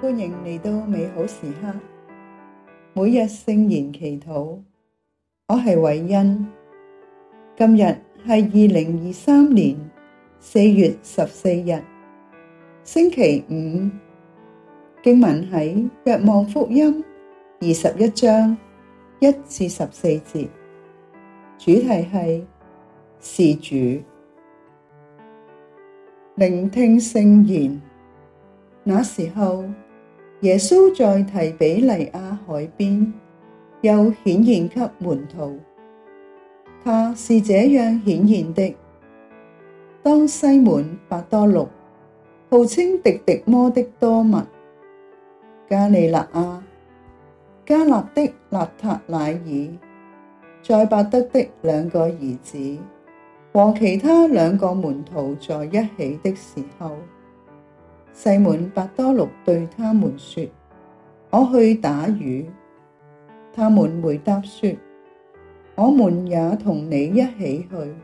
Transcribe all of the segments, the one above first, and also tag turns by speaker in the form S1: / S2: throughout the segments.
S1: 歡迎嚟到美好時刻。每日聖言祈禱，我係韋恩。今日係二零二三年四月十四日，星期五。經文喺《若望福音》二十一章一至十四節，主題係是主。聆聽聖言。那時候。耶穌在提庇黎雅海邊，又顯現給門徒，他是這樣顯現的：當西滿、伯多祿、號稱狄狄摩的多默、加里肋亞、加納的納塔乃耳、載伯德，德的兩個兒子和其他兩個門徒在一起的時候。西滿伯多祿對他們說：我去打魚。他們回答說：我們也同你一起去。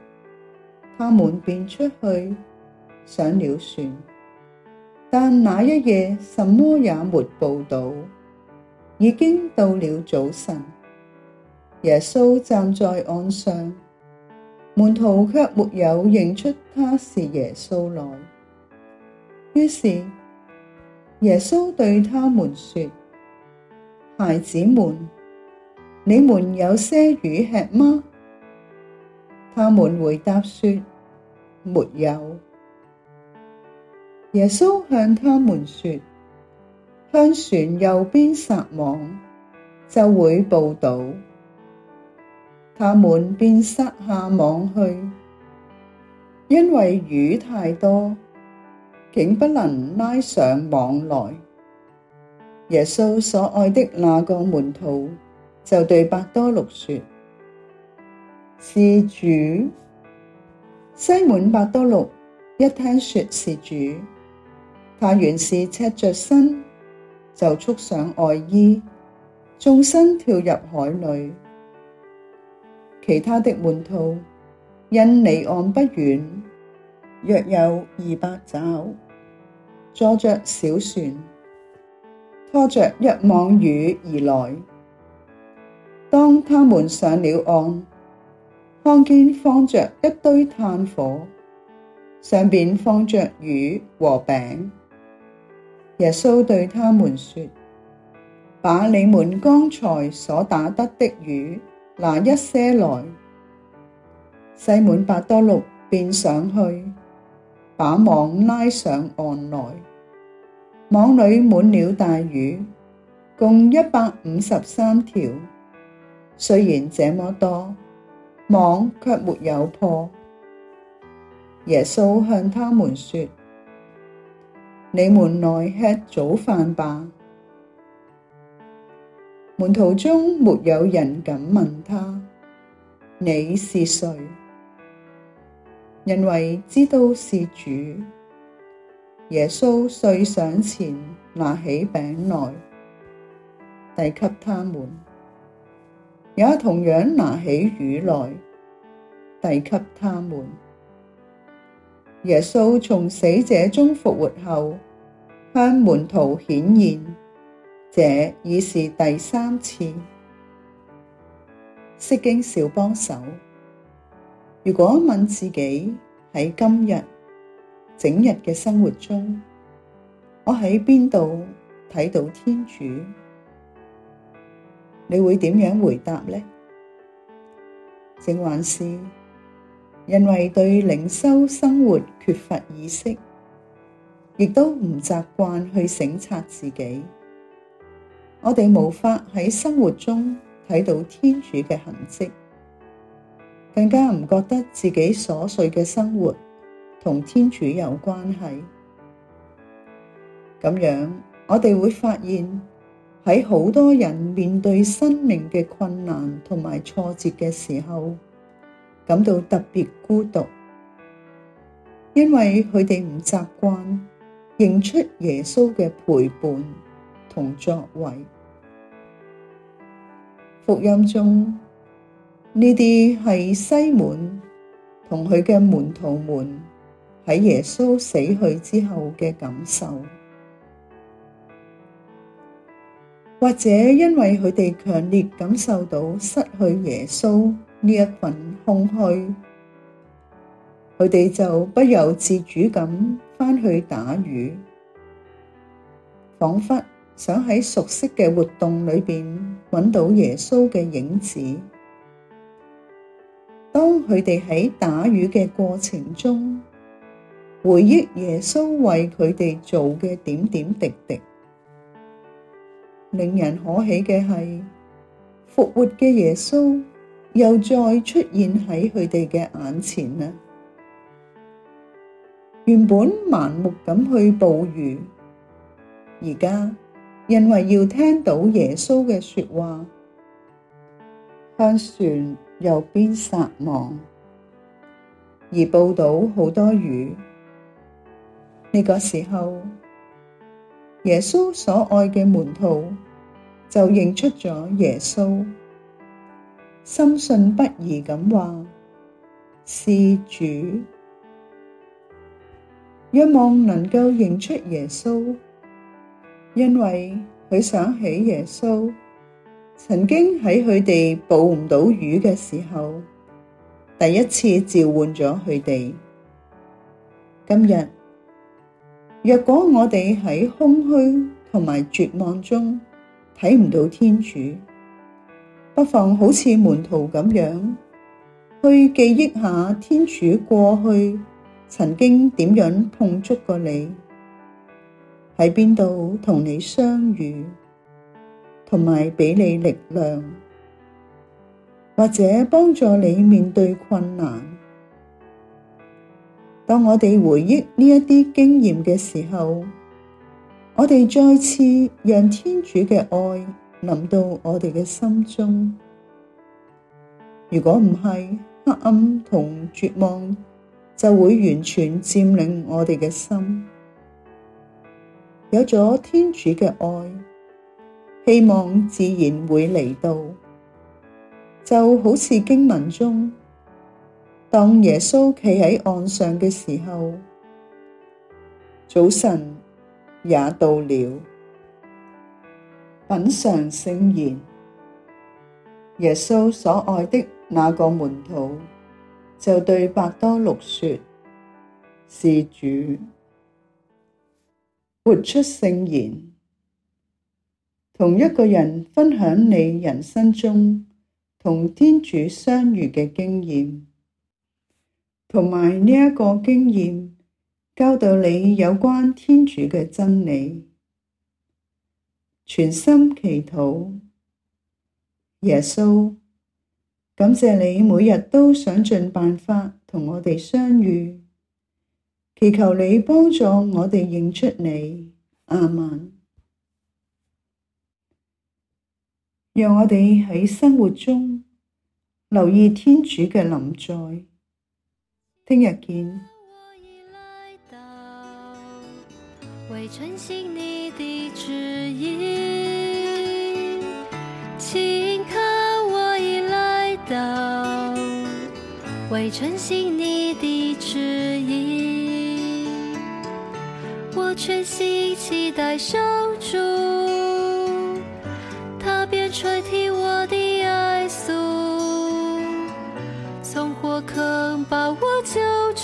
S1: 他們便出去，上了船，但那一夜什麼也沒捕到。已經到了早晨，耶穌站在岸上，門徒卻沒有認出他是耶穌來。於是耶穌對他們說：孩子們，你們有些魚吃嗎？他們回答說：沒有。耶穌向他們說：向船右邊撒網，就會捕到。他們便撒下網去，因為魚太多，竟不能拉上網來。耶穌所愛的那個門徒就對伯多祿說：是主。西滿伯多祿一聽說是主，他原是赤着身，就束上外衣，縱身跳入海裏。其他的門徒因離岸不遠，約有二百肘。坐着小船，拖着一網魚而來。當他們上了岸，看見放着一堆炭火，上面放着魚和餅。耶穌對他們說：把你們剛才所打得的魚拿一些來。西滿伯多祿便上去。把網拉上岸來，網裏滿了大魚，共一百五十三條。雖然這麼多，網卻沒有破。耶穌向他們說：你們來吃早飯吧。門徒中沒有人敢問他：你是誰？因為知道是主。耶穌遂上前拿起餅來，遞給他們，也同樣拿起魚來，遞給他們。耶穌從死者中復活後，向門徒顯現，這已是第三次。釋經小幫手。如果問自己喺今日整日嘅生活中，我喺邊度睇到天主？你會點樣回答呢？正還是因為對靈修生活缺乏意識，亦都唔習慣去省察自己，我哋無法喺生活中睇到天主嘅痕跡。更加唔覺得自己瑣碎嘅生活同天主有關係，咁樣我哋會發現，喺好多人面對生命嘅困難同埋挫折嘅時候，感到特別孤獨，因為佢哋唔習慣認出耶穌嘅陪伴同作為。福音中，呢啲係西滿同佢嘅門徒們喺耶穌死去之後嘅感受，或者因為佢哋強烈感受到失去耶穌呢一份空虛，佢哋就不由自主咁返去打魚，彷彿想喺熟悉嘅活動裏邊揾到耶穌嘅影子。佢哋喺打魚嘅過程中，回憶耶穌為佢哋做嘅點點滴滴。令人可喜嘅係，復活嘅耶穌又再出現喺佢哋嘅眼前啦。原本盲目咁去捕魚，而家因為要聽到耶穌嘅說話。向船右邊撒網，而捕到好多魚。呢、這個時候，耶穌所愛嘅門徒就認出咗耶穌，深信不疑咁話：是主。若望能夠認出耶穌，因為佢想起耶穌。曾經喺佢哋捕唔到魚嘅時候，第一次召喚咗佢哋。今日，若果我哋喺空虛同埋絕望中睇唔到天主，不妨好似門徒咁樣，去記憶下天主過去曾經點樣碰觸過你，喺邊度同你相遇。同埋俾你力量，或者幫助你面對困難。當我哋回憶呢一啲經驗嘅時候，我哋再次讓天主嘅愛臨到我哋嘅心中。如果唔係黑暗同絕望，就會完全佔領我哋嘅心。有咗天主嘅愛。希望自然會嚟到，就好似經文中，當耶穌企喺岸上嘅時候，早晨也到了，品嘗聖言。耶穌所愛嘅那個門徒就對伯多祿說：「是主。」活出聖言。同一個人分享你人生中同天主相遇嘅經驗，同埋呢一個經驗教導你有關天主嘅真理。全心祈禱，耶穌，感謝你每日都想盡辦法同我哋相遇，祈求你幫助我哋認出你。阿門。讓我哋喺生活中留意天主嘅臨在。聽日見。請看，我已來到，為承行祢的旨意。請看，我已來到，為承行祢的旨意。我全心期待守住。